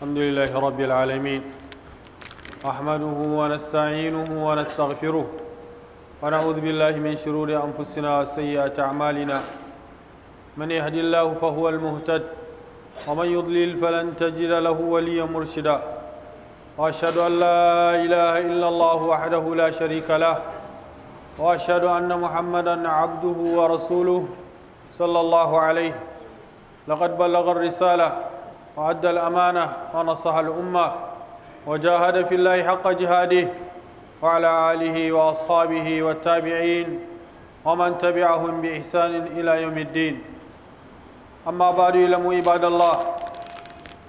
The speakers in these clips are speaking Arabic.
الحمد لله رب العالمين نحمده ونستعينه ونستغفره ونعوذ بالله من شرور أنفسنا وسيئات أعمالنا من يهد الله فهو المهتد ومن يضلل فلن تجد له وليا مرشدا وأشهد أن لا إله إلا الله وحده لا شريك له وأشهد أن محمدا عبده ورسوله صلى الله عليه لقد بلغ الرسالة وأدى الأمانة ونصح الأمة وجاهد في الله حق جهاده وعلى آله وأصحابه والتابعين ومن تبعهم بإحسان إلى يوم الدين أما بعد اعلموا عباد الله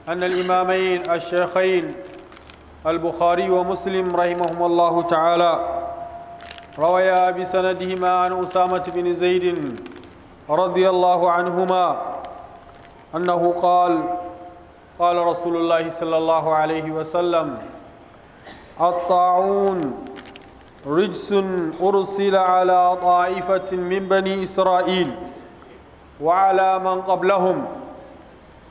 أن الإمامين الشيخين البخاري ومسلم رحمهما الله تعالى رويا بسندهما عن أسامة بن زيد رضي الله عنهما أنه قال قال رسول الله صلى الله عليه وسلم الطاعون رجس أرسل على طائفة من بني إسرائيل وعلى من قبلهم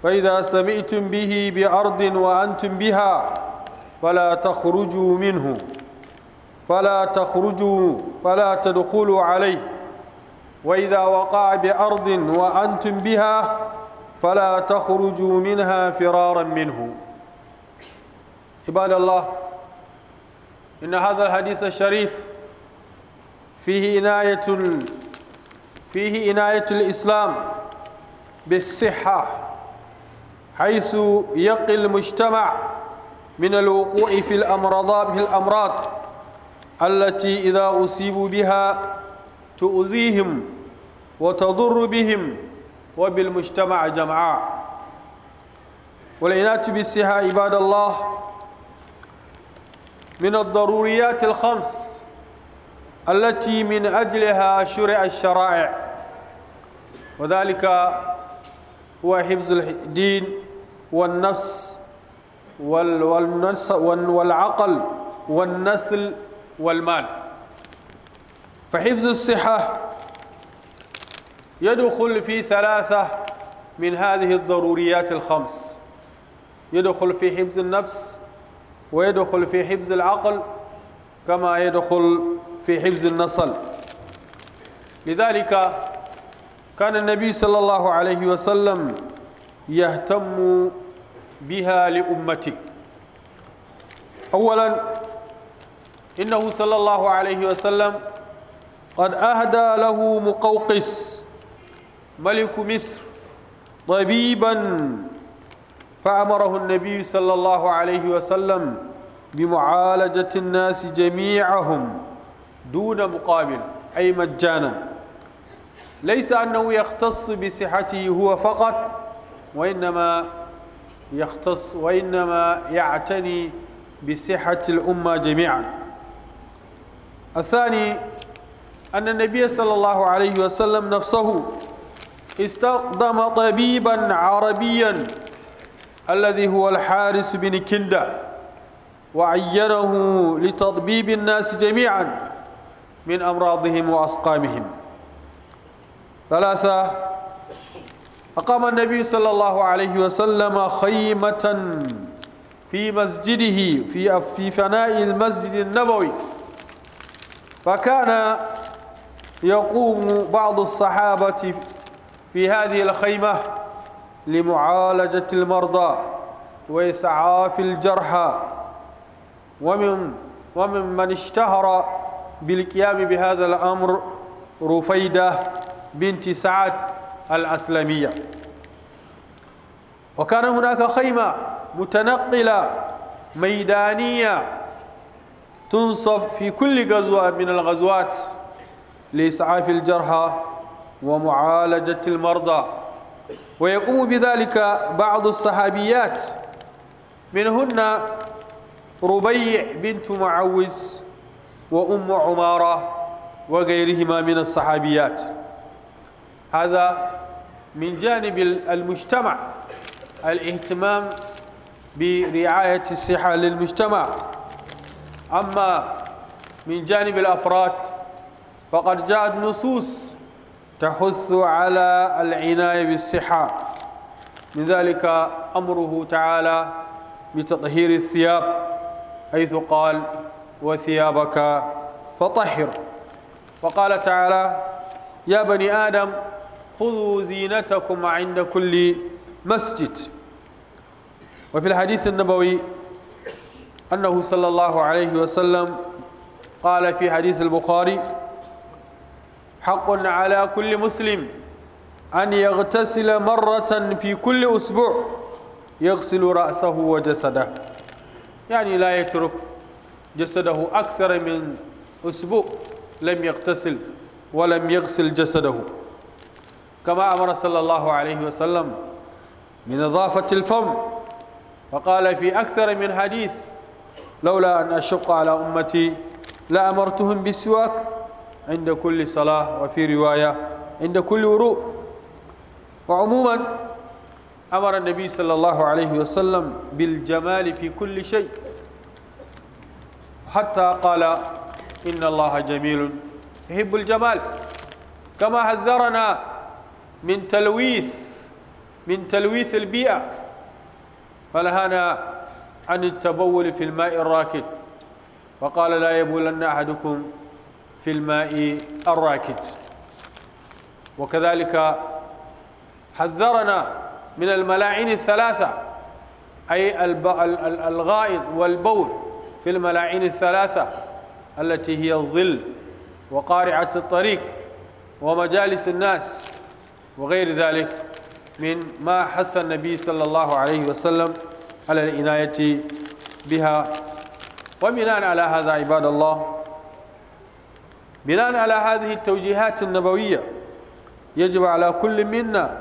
فإذا سمعتم به بأرض وأنتم بها فلا تخرجوا منه فلا تخرجوا فلا تدخلوا عليه وإذا وقع بأرض وأنتم بها فلا تخرجوا منها فرارا منه عباد الله إن هذا الحديث الشريف فيه عناية فيه عناية الإسلام بالصحة حيث يقي المجتمع من الوقوع في الأمراض بالأمراض التي إذا أصيبوا بها تؤذيهم وتضر بهم وبالمجتمع جمعاء والعناية بالصحة عباد الله من الضروريات الخمس التي من أجلها شرع الشرائع وذلك هو حفظ الدين والنفس والعقل والنسل والمال فحفظ الصحة يدخل في ثلاثة من هذه الضروريات الخمس يدخل في حفظ النفس ويدخل في حفظ العقل كما يدخل في حفظ النصل لذلك كان النبي صلى الله عليه وسلم يهتم بها لأمته أولا إنه صلى الله عليه وسلم قد أهدى له مقوقس ملك مصر طبيبا فأمره النبي صلى الله عليه وسلم بمعالجة الناس جميعهم دون مقابل أي مجانا ليس أنه يختص بصحته هو فقط وإنما يختص وإنما يعتني بصحة الأمة جميعا الثاني أن النبي صلى الله عليه وسلم نفسه استخدم طبيبا عربيا الذي هو الحارس بن كندة وعينه لتطبيب الناس جميعا من أمراضهم وأسقامهم ثلاثة أقام النبي صلى الله عليه وسلم خيمة في مسجده في في فناء المسجد النبوي فكان يقوم بعض الصحابة في هذه الخيمة لمعالجة المرضى وإسعاف الجرحى ومن ومن من اشتهر بالقيام بهذا الأمر رفيدة بنت سعد الأسلمية وكان هناك خيمة متنقلة ميدانية تنصب في كل غزوة من الغزوات لإسعاف الجرحى ومعالجة المرضى ويقوم بذلك بعض الصحابيات منهن ربيع بنت معوز وأم عمارة وغيرهما من الصحابيات هذا من جانب المجتمع الاهتمام برعاية الصحة للمجتمع أما من جانب الأفراد فقد جاءت نصوص تحث على العناية بالصحة من ذلك أمره تعالى بتطهير الثياب حيث قال وثيابك فطهر وقال تعالى يا بني آدم خذوا زينتكم عند كل مسجد وفي الحديث النبوي أنه صلى الله عليه وسلم قال في حديث البخاري حق على كل مسلم أن يغتسل مرة في كل أسبوع يغسل رأسه وجسده يعني لا يترك جسده أكثر من أسبوع لم يغتسل ولم يغسل جسده كما أمر صلى الله عليه وسلم من نظافة الفم فقال في أكثر من حديث لولا أن أشق على أمتي لأمرتهم بالسواك عند كل صلاة وفي رواية عند كل وروء وعموما أمر النبي صلى الله عليه وسلم بالجمال في كل شيء حتى قال إن الله جميل يحب الجمال كما حذرنا من تلويث من تلويث البيئة فلهانا عن التبول في الماء الراكد وقال لا يبولن أحدكم في الماء الراكد وكذلك حذرنا من الملاعين الثلاثة أي الغائط والبول في الملاعين الثلاثة التي هي الظل وقارعة الطريق ومجالس الناس وغير ذلك من ما حث النبي صلى الله عليه وسلم على العناية بها وبناء على هذا عباد الله بناء على هذه التوجيهات النبوية يجب على كل منا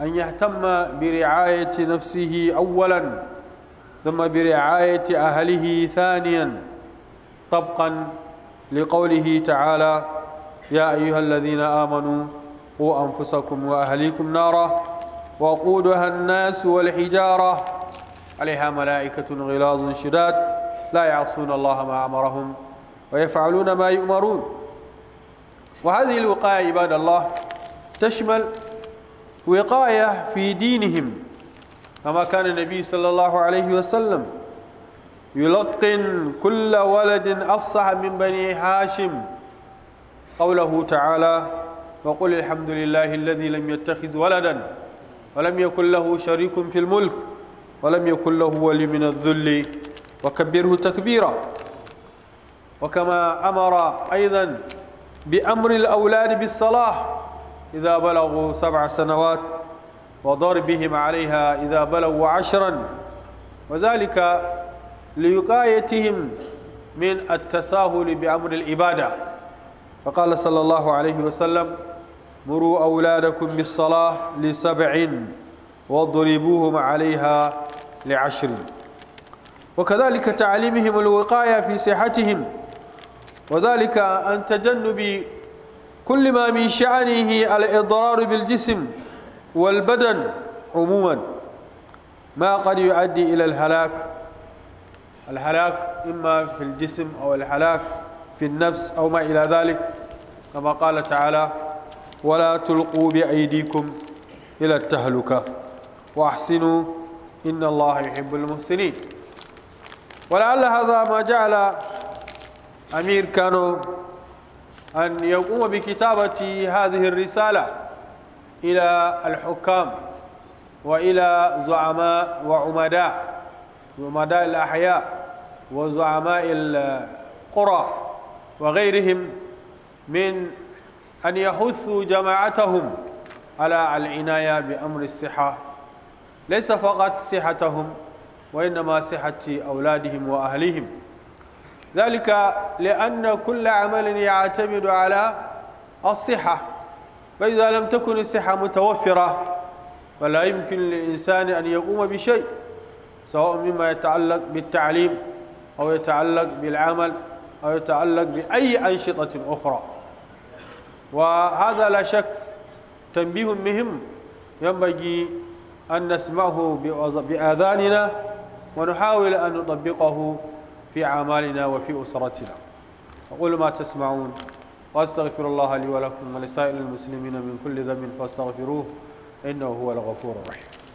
أن يهتم برعاية نفسه أولا ثم برعاية أهله ثانيا طبقا لقوله تعالى يا أيها الذين آمنوا قوا أنفسكم وأهليكم نارا وقودها الناس والحجارة عليها ملائكة غلاظ شداد لا يعصون الله ما أمرهم ويفعلون ما يؤمرون وهذه الوقاية عباد الله تشمل وقاية في دينهم كما كان النبي صلى الله عليه وسلم يلقن كل ولد أفصح من بني هاشم قوله تعالى وقل الحمد لله الذي لم يتخذ ولدا ولم يكن له شريك في الملك ولم يكن له ولي من الذل وكبره تكبيرا وكما أمر أيضا بأمر الأولاد بالصلاة إذا بلغوا سبع سنوات وضربهم عليها إذا بلغوا عشرا وذلك لوقايتهم من التساهل بأمر الإبادة فقال صلى الله عليه وسلم مروا أولادكم بالصلاة لسبع واضربوهم عليها لعشر وكذلك تعليمهم الوقاية في صحتهم وذلك عن تجنب كل ما من شأنه الإضرار بالجسم والبدن عموما ما قد يؤدي إلى الهلاك الهلاك إما في الجسم أو الهلاك في النفس أو ما إلى ذلك كما قال تعالى ولا تلقوا بأيديكم إلى التهلكة وأحسنوا إن الله يحب المحسنين ولعل هذا ما جعل أمير كانوا أن يقوم بكتابة هذه الرسالة إلى الحكام وإلى زعماء وعمداء عمداء الأحياء وزعماء القرى وغيرهم من أن يحثوا جماعتهم على العناية بأمر الصحة ليس فقط صحتهم وإنما صحة أولادهم وأهلهم ذلك لأن كل عمل يعتمد على الصحة فإذا لم تكن الصحة متوفرة فلا يمكن للإنسان أن يقوم بشيء سواء مما يتعلق بالتعليم أو يتعلق بالعمل أو يتعلق بأي أنشطة أخرى وهذا لا شك تنبيه مهم ينبغي أن نسمعه بأذاننا ونحاول أن نطبقه في أعمالنا وفي أسرتنا أقول ما تسمعون وأستغفر الله لي ولكم ولسائر المسلمين من كل ذنب فاستغفروه إنه هو الغفور الرحيم